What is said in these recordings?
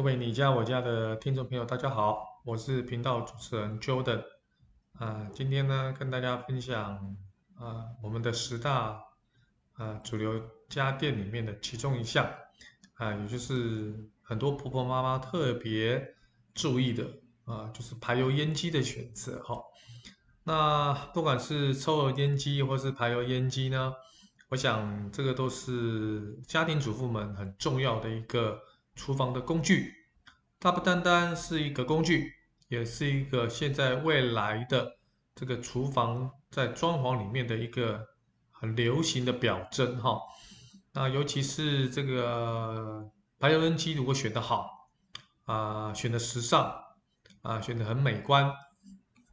各位你家我家的聽眾朋友，大家好，我是頻道主持人 Jordan，啊、呃，今天呢跟大家分享啊、呃、我們的十大啊、呃、主流家電裡面的其中一項啊、呃，也就是很多婆婆媽媽特別注意的啊、呃，就是排油煙機的選擇哈。那不管是抽油煙機或是排油煙機呢，我想這個都是家庭主婦們很重要的一個。廚房的工具，它不單單是一個工具，也是一個現在未來的這個廚房在裝潢裡面的一個很流行的表徵哈。那尤其是這個排油煙機，如果選的好啊、呃，選的時尚啊、呃，選的很美觀，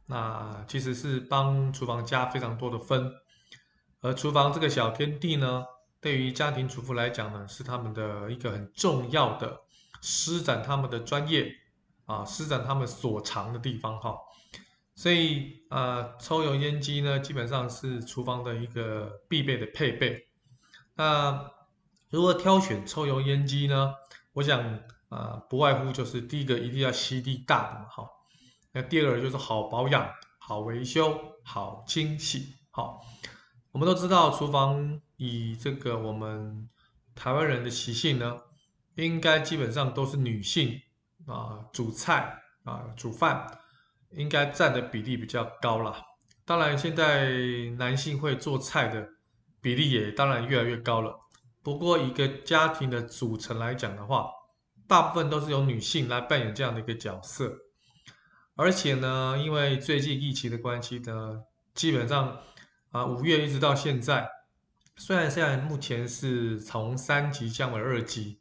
那、呃、其實是幫廚房加非常多的分。而廚房這個小天地呢？對於家庭主婦來講呢，是他們的一個很重要的施展他們的專業啊，施展他們所長的地方哈、哦。所以啊、呃，抽油煙機呢，基本上是廚房的一個必備的配備。那如果挑選抽油煙機呢，我想啊、呃，不外乎就是第一個一定要吸力大的、哦、那第二個就是好保養、好維修、好清洗。好、哦，我們都知道廚房。以這個我們台灣人的習性呢，應該基本上都是女性啊、呃、煮菜啊、呃、煮飯，應該佔的比例比較高了。當然，現在男性會做菜的比例也當然越來越高了。不過，一個家庭的組成來講的話，大部分都是由女性來扮演這樣的一個角色。而且呢，因為最近疫情的關係呢，基本上啊五、呃、月一直到現在。雖然現在目前是從三級降為二級，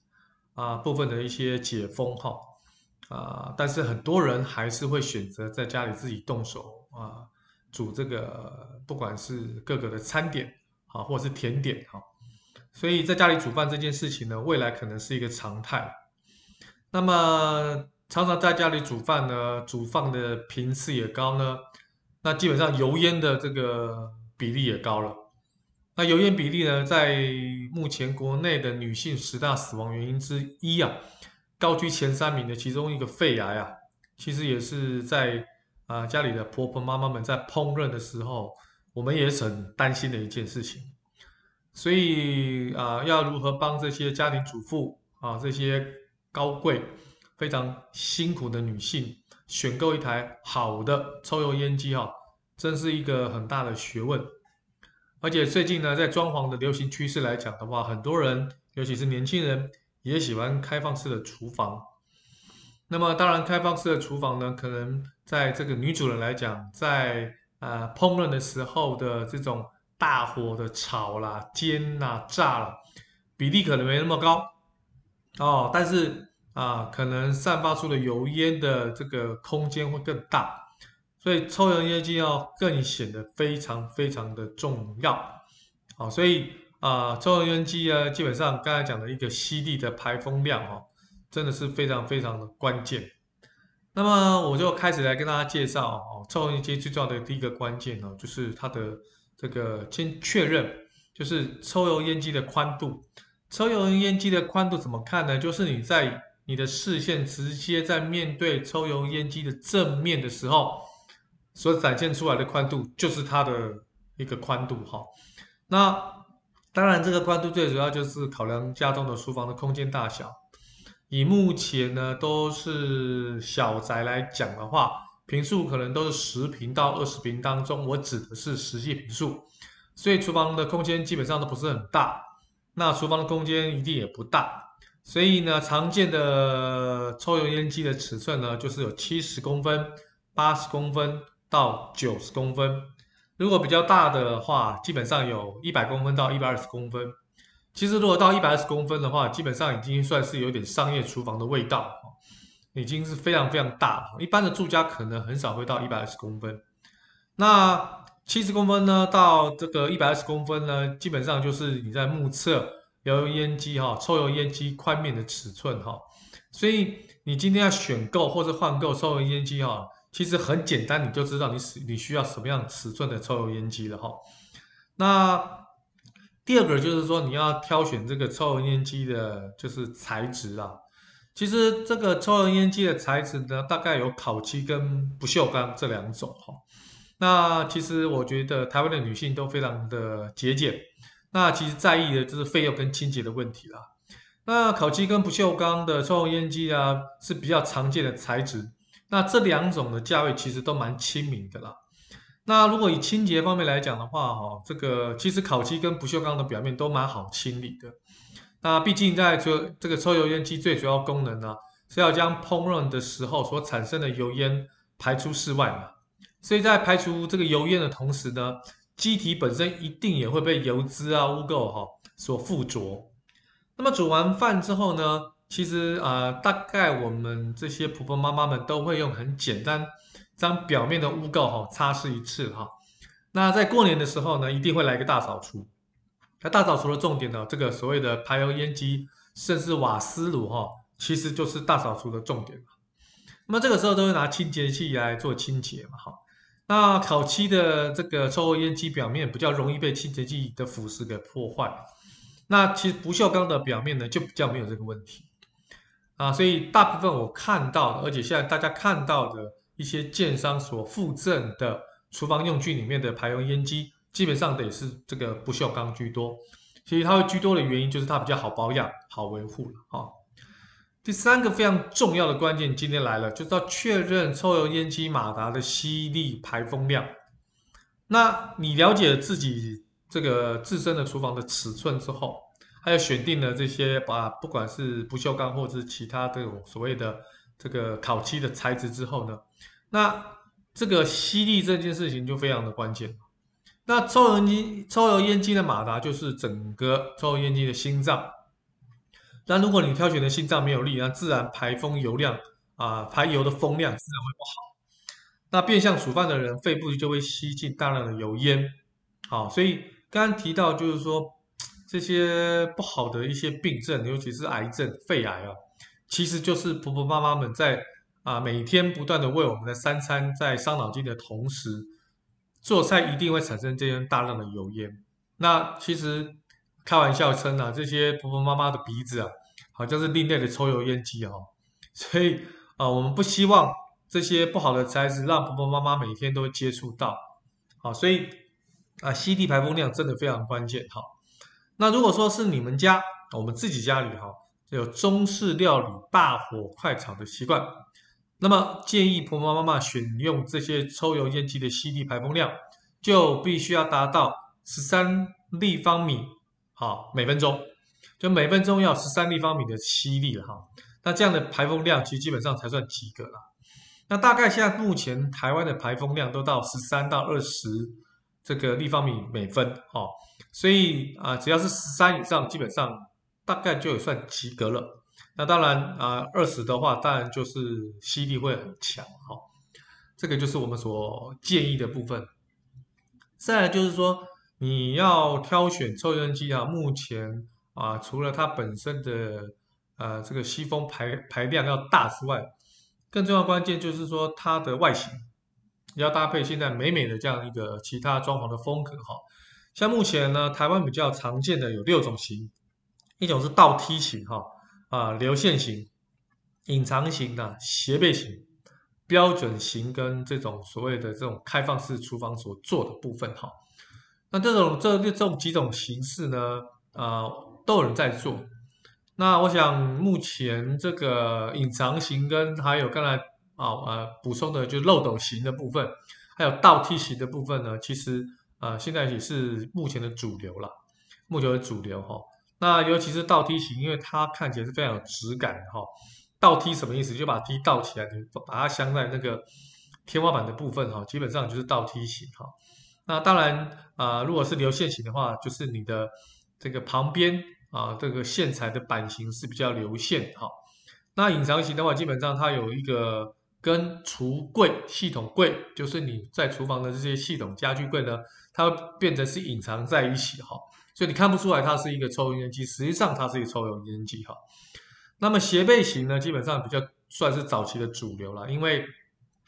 啊，部分的一些解封哈，啊，但是很多人還是會選擇在家裡自己動手啊，煮這個不管是各個的餐點啊，或者是甜點哈，啊，所以在家裡煮飯這件事情呢，未來可能是一個常態。那麼常常在家裡煮飯呢，煮飯的頻次也高呢，那基本上油煙的這個比例也高了。那油煙比例呢，在目前國內的女性十大死亡原因之一啊，高居前三名的其中一個肺癌啊，其實也是在啊家裡的婆婆媽媽們在烹飪的時候，我們也是很擔心的一件事情。所以啊，要如何幫這些家庭主婦啊，這些高貴、非常辛苦的女性，選購一台好的抽油煙機哈、啊，真是一個很大的學問。而且最近呢，在裝潢的流行趨勢來講的話，很多人，尤其是年輕人，也喜歡開放式的廚房。那麼，當然，開放式的廚房呢，可能在這個女主人來講，在啊、呃、烹飪的時候的這種大火的炒啦、煎啦、啊、炸啦，比例可能沒那麼高哦，但是啊、呃，可能散發出的油煙的這個空間會更大。所以抽油煙機要更顯得非常非常的重要，好，所以啊、呃，抽油煙機啊，基本上剛才講的一個吸力的排風量哦，真的是非常非常的關鍵。那麼我就開始來跟大家介紹哦，抽油煙機最重要的第一個關鍵呢，就是它的這個先確認，就是抽油，抽油煙機的寬度。抽油煙機的寬度怎麼看呢？就是你在你的視線直接在面對抽油煙機的正面的時候。所展現出來的寬度就是它的一個寬度哈，那當然這個寬度最主要就是考量家中的廚房的空間大小，以目前呢都是小宅來講的話，坪數可能都是十坪到二十坪當中，我指的是實際坪數，所以廚房的空間基本上都不是很大，那廚房的空間一定也不大，所以呢常見的抽油煙機的尺寸呢就是有七十公分、八十公分。到九十公分，如果比較大的話，基本上有一百公分到一百二十公分。其實如果到一百二十公分的話，基本上已經算是有點商業廚房的味道，已經是非常非常大。一般的住家可能很少會到一百二十公分。那七十公分呢，到這個一百二十公分呢，基本上就是你在目測油煙機哈，抽油煙機寬面的尺寸哈。所以你今天要選購或者換購抽油煙機哈，其實很簡單，你就知道你需你需要什麼樣尺寸的抽油煙機了哈。那第二個就是說，你要挑選這個抽油煙機的就是材質啊。其實這個抽油煙機的材質呢，大概有烤漆跟不鏽鋼這兩種哈。那其實我覺得台灣的女性都非常的節儉，那其實在意的就是費用跟清潔的問題啦。那烤漆跟不鏽鋼的抽油煙機啊，是比較常見的材質。那這兩種的價位其實都蠻親民的啦。那如果以清潔方面來講的話，哈，這個其實烤漆跟不鏽鋼的表面都蠻好清理的。那畢竟在這這個抽油煙機最主要功能呢，是要將烹飪的時候所產生的油煙排出室外嘛。所以在排除這個油煙的同時呢，機體本身一定也會被油脂啊、污垢，哈、啊、所附着。那麼煮完飯之後呢？其實啊、呃，大概我們這些婆婆媽媽們都會用很簡單，將表面的污垢哈、哦、擦拭一次哈、哦。那在過年的時候呢，一定會來一個大掃除。那大掃除的重點呢，這個所謂的排油煙機甚至瓦斯爐哈、哦，其實就是大掃除的重點嘛。那麼這個時候都會拿清潔劑來做清潔嘛哈。那烤漆的這個抽油煙機表面比較容易被清潔劑的腐蝕給破壞。那其實不鏽鋼的表面呢，就比較沒有這個問題。啊，所以大部分我看到的，而且現在大家看到的一些建商所附贈的廚房用具裡面的排油煙機，基本上得是這個不鏽鋼居多。其實它會居多的原因就是它比較好保養、好維護啊，哦。第三個非常重要的關鍵今天來了，就是要確認抽油煙機馬達的吸力、排風量。那你了解了自己這個自身的廚房的尺寸之後，還有選定了這些，把不管是不鏽鋼或者是其他這種所謂的這個烤漆的材質之後呢，那這個吸力這件事情就非常的關鍵。那抽油煙機抽油煙機的馬達就是整個抽油煙機的心臟。那如果你挑選的心臟沒有力，那自然排風油量啊、呃、排油的風量自然會不好。那變相煮飯的人肺部就會吸進大量的油煙。好，所以剛剛提到就是說。這些不好的一些病症，尤其是癌症、肺癌啊，其實就是婆婆媽媽們在啊每天不斷的為我們的三餐在傷腦筋的同時，做菜一定會產生這些大量的油煙。那其實開玩笑稱啊，這些婆婆媽媽的鼻子啊，好像是另類的抽油煙機哦。所以啊，我們不希望這些不好的材質讓婆婆媽媽每天都接觸到。好，所以啊，吸地排風量真的非常關鍵哈。那如果說是你們家，我們自己家裡哈，有中式料理大火快炒的習慣，那麼建議婆婆媽媽選用這些抽油煙機的吸力排風量，就必須要達到十三立方米，每分鐘，就每分鐘要十三立方米的吸力了哈。那這樣的排風量其實基本上才算及格。那大概現在目前台灣的排風量都到十三到二十這個立方米每分，所以啊、呃，只要是十三以上，基本上大概就有算及格了。那當然啊，呃、二十的話，當然就是吸力會很強哈、哦。這個就是我們所建議的部分。再來就是說，你要挑選抽油煙機啊，目前啊，除了它本身的呃、啊、這個吸風排排量要大之外，更重要關鍵就是說它的外形要搭配現在美美的這樣一個其他裝潢的風格哈。哦像目前呢，台灣比較常見的有六種型，一種是倒梯型哈，啊、呃、流線型、隱藏型的斜背型、標準型跟這種所謂的這種開放式廚房所做的部分哈。那這種這這種幾種形式呢、呃，都有人在做。那我想目前這個隱藏型跟還有剛才啊啊補充的就是漏斗型的部分，還有倒梯型的部分呢，其實。啊，現在也是目前的主流了，目前的主流哈、哦。那尤其是倒梯形，因為它看起來是非常有質感的、哦、哈。倒梯什麼意思？就把梯倒起來，把它鑲在那個天花板的部分哈、哦，基本上就是倒梯形哈、哦。那當然啊、呃，如果是流線型的話，就是你的這個旁邊啊，這個線材的版型是比較流線哈、哦。那隱藏型的話，基本上它有一個跟櫥櫃系統櫃，就是你在廚房的這些系統家具櫃呢。它會變成是隱藏在一起哈，所以你看不出來它是一個抽油煙機，實際上它是一個抽油煙機哈。那麼斜背型呢，基本上比較算是早期的主流了，因為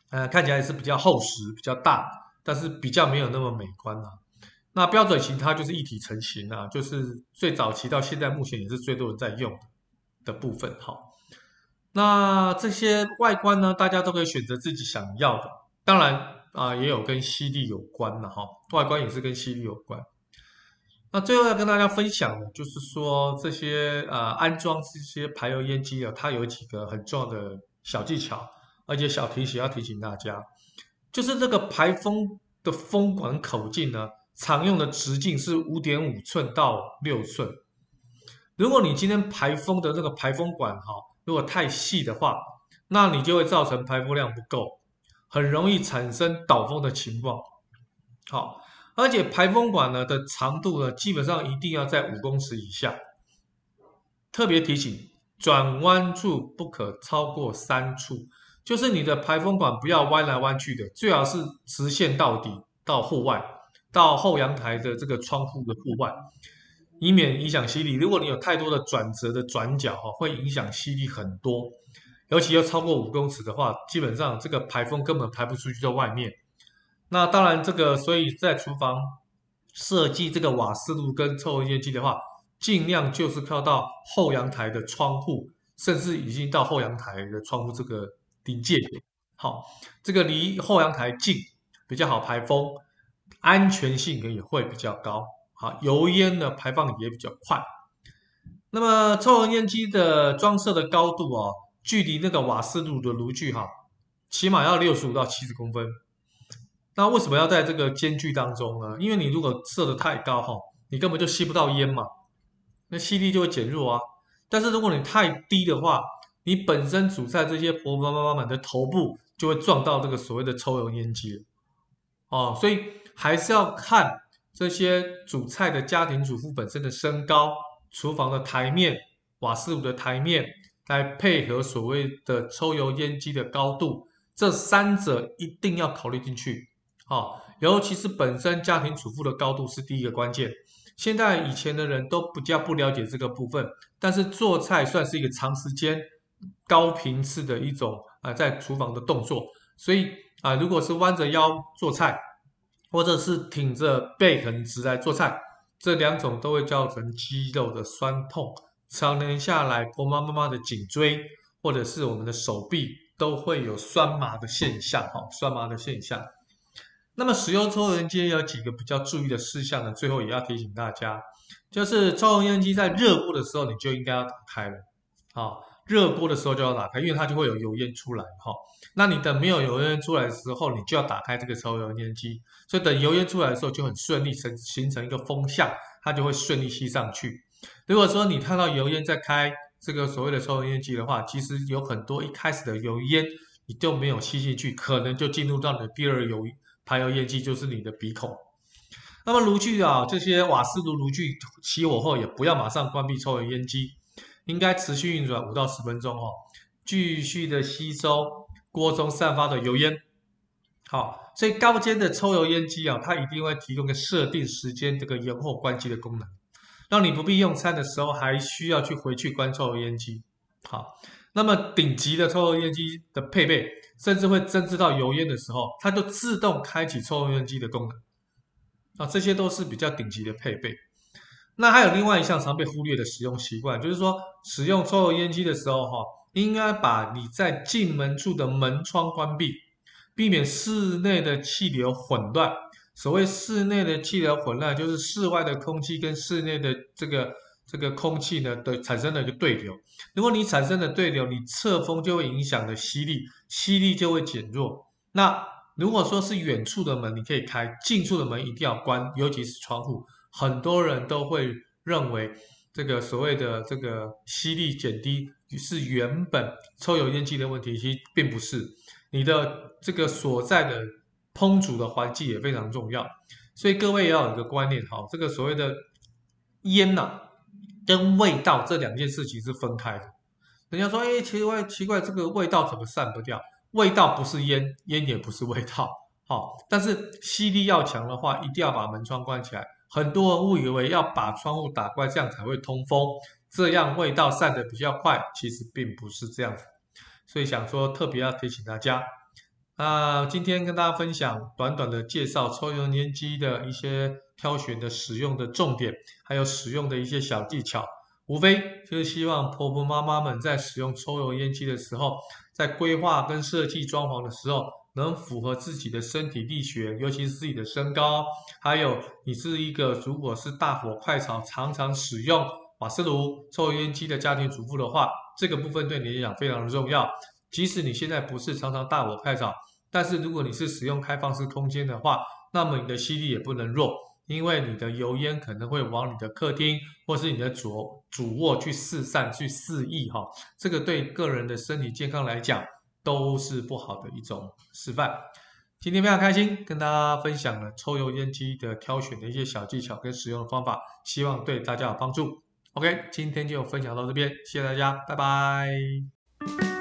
呃看起來也是比較厚實比較大，但是比較沒有那麼美觀啊。那標準型它就是一體成型啊，就是最早期到現在目前也是最多人在用的部分哈。那這些外觀呢，大家都可以選擇自己想要的，當然。啊、呃，也有跟吸力有關的、啊、哈，外觀也是跟吸力有關。那最後要跟大家分享的，就是說這些呃安裝這些排油煙機的、啊，它有幾個很重要的小技巧，而且小提醒要提醒大家，就是這個排風的風管口徑呢，常用的直徑是五點五寸到六寸。如果你今天排風的這個排風管哈、啊，如果太細的話，那你就會造成排風量不夠。很容易產生倒風的情況，好，而且排風管呢的長度呢，基本上一定要在五公尺以下特別。特別提醒，轉彎處不可超過三處，就是你的排風管不要彎來彎去的，最好是直線到底到戶外，到後陽台的這個窗戶的戶外，以免影響吸力。如果你有太多的轉折的轉角哈，會影響吸力很多。尤其要超過五公尺的話，基本上這個排風根本排不出去到外面。那當然這個，所以在廚房設計這個瓦斯爐跟抽油煙機的話，盡量就是靠到後陽台的窗戶，甚至已經到後陽台的窗戶這個臨界點。好，這個離後陽台近，比較好排風，安全性也也會比較高。好，油煙的排放也比較快。那麼抽油煙機的裝設的高度啊、哦。距離那個瓦斯爐的爐具哈，起碼要六十五到七十公分。那為什麼要在這個間距當中呢？因為你如果設的太高哈，你根本就吸不到煙嘛，那吸力就會減弱啊。但是如果你太低的話，你本身煮菜這些婆婆媽媽們的頭部就會撞到這個所謂的抽油煙機哦，所以還是要看這些煮菜的家庭主婦本身的身高、廚房的台面、瓦斯爐的台面。來配合所謂的抽油煙機的高度，這三者一定要考慮進去。好，尤其是本身家庭主婦的高度是第一個關鍵。現在以前的人都比較不了解這個部分，但是做菜算是一個長時間、高頻次的一種啊，在廚房的動作。所以啊，如果是彎着腰做菜，或者是挺着背很直來做菜，這兩種都會造成肌肉的痠痛。常年下來，婆婆媽，媽媽的頸椎或者是我們的手臂都會有酸麻的現象，哈，酸麻的現象。那麼使用抽油煙機有幾個比較注意的事項呢？最後也要提醒大家，就是抽油煙機在熱鍋的時候你就應該要打開了，好，熱鍋的時候就要打開，因為它就會有油煙出來，哈。那你等沒有油煙出來的時候，你就要打開這個抽油煙機，所以等油煙出來的時候就很順利，成形成一個風向，它就會順利吸上去。如果說你看到油煙在開這個所謂的抽油煙機的話，其實有很多一開始的油煙你都沒有吸進去，可能就進入到你的第二油排油煙機，就是你的鼻孔。那麼爐具啊，這些瓦斯爐爐具起火後，也不要馬上關閉抽油煙機，應該持續運轉五到十分鐘哦，繼續的吸收鍋中散發的油煙。好，所以高階的抽油煙機啊，它一定會提供個設定時間這個延後關機的功能。讓你不必用餐的時候還需要去回去關抽油煙機，好，那麼頂級的抽油煙機的配備，甚至會偵知到油煙的時候，它就自動開啟抽油煙機的功能，啊、哦，這些都是比較頂級的配備。那還有另外一項常被忽略的使用習慣，就是說使用抽油煙機的時候，哈，應該把你在進門處的門窗關閉，避免室內的氣流混亂。所謂室內的氣流混亂，就是室外的空氣跟室內的這個這個空氣呢的產生了一個對流。如果你產生了對流，你側風就會影響的吸力，吸力就會減弱。那如果說是遠處的門你可以開，近處的門一定要關，尤其是窗戶。很多人都會認為這個所謂的這個吸力減低是原本抽油煙機的問題，其實並不是。你的這個所在的。烹煮的環境也非常重要，所以各位也要有一個觀念，好，這個所謂的煙吶、啊，跟味道這兩件事情是分開的。人家說，誒、欸，奇怪，奇怪，這個味道怎麼散不掉？味道不是煙，煙也不是味道，好、哦，但是吸力要強的話，一定要把門窗關起來。很多人誤以為要把窗戶打開，這樣才會通風，這樣味道散得比較快，其實並不是這樣子。所以想說，特別要提醒大家。那、呃、今天跟大家分享短短的介紹抽油煙機的一些挑選的使用的重點，還有使用的一些小技巧，無非就是希望婆婆媽、媽媽們在使用抽油煙機的時候，在規劃跟設計裝潢的時候，能符合自己的身體力學，尤其是自己的身高，還有你是一個如果是大火快炒，常常使用瓦斯爐抽油煙機的家庭主婦的話，這個部分對你來講非常的重要。即使你現在不是常常大火快炒，但是如果你是使用開放式空間的話，那麼你的吸力也不能弱，因為你的油煙可能會往你的客廳或是你的主主臥去四散去肆溢四溢哈，這個對個人的身體健康來講都是不好的一種示範。今天非常開心跟大家分享了抽油煙機的挑選的一些小技巧跟使用的方法，希望對大家有幫助。OK，今天就分享到這邊，謝謝大家，拜拜。